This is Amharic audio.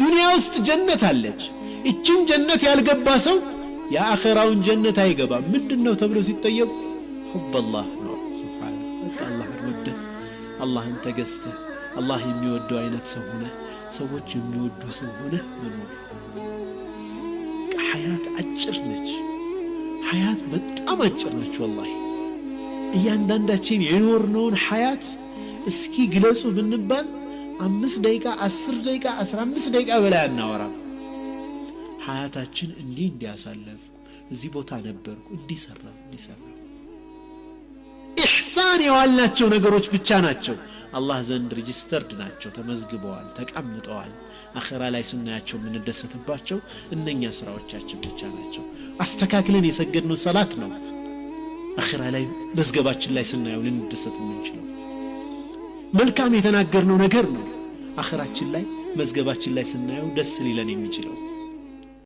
ዱንያ ውስጥ ጀነት አለች። ይችን ጀነት ያልገባ ሰው የአኼራውን ጀነት አይገባም። ምንድን ነው ተብሎ ሲጠየቁ ሁበላህ ነው አላህን ወደ አላህን ተገዝተ አላህ የሚወደው አይነት ሰው ሆነ ሰዎች የሚወዱ ሰው ሆነ መኖር። ሀያት አጭር ነች። ሀያት በጣም አጭር ነች። ወላ እያንዳንዳችን የኖርነውን ሀያት እስኪ ግለጹ ብንባል አምስት ደቂቃ አስር ደቂቃ አስራ አምስት ደቂቃ በላይ አናወራም። ሀያታችን እንዲህ እንዲያሳለፍ እዚህ ቦታ ነበርኩ እንዲሰራ እንዲሰራ ኢሕሳን የዋልናቸው ነገሮች ብቻ ናቸው አላህ ዘንድ ሪጅስተርድ ናቸው፣ ተመዝግበዋል፣ ተቀምጠዋል። አኼራ ላይ ስናያቸው የምንደሰትባቸው እነኛ ስራዎቻችን ብቻ ናቸው። አስተካክለን የሰገድነው ሰላት ነው። አኼራ ላይ መዝገባችን ላይ ስናየው ልንደሰት የምንችለው መልካም የተናገርነው ነገር ነው። አኸራችን ላይ መዝገባችን ላይ ስናየው ደስ ሊለን የሚችለው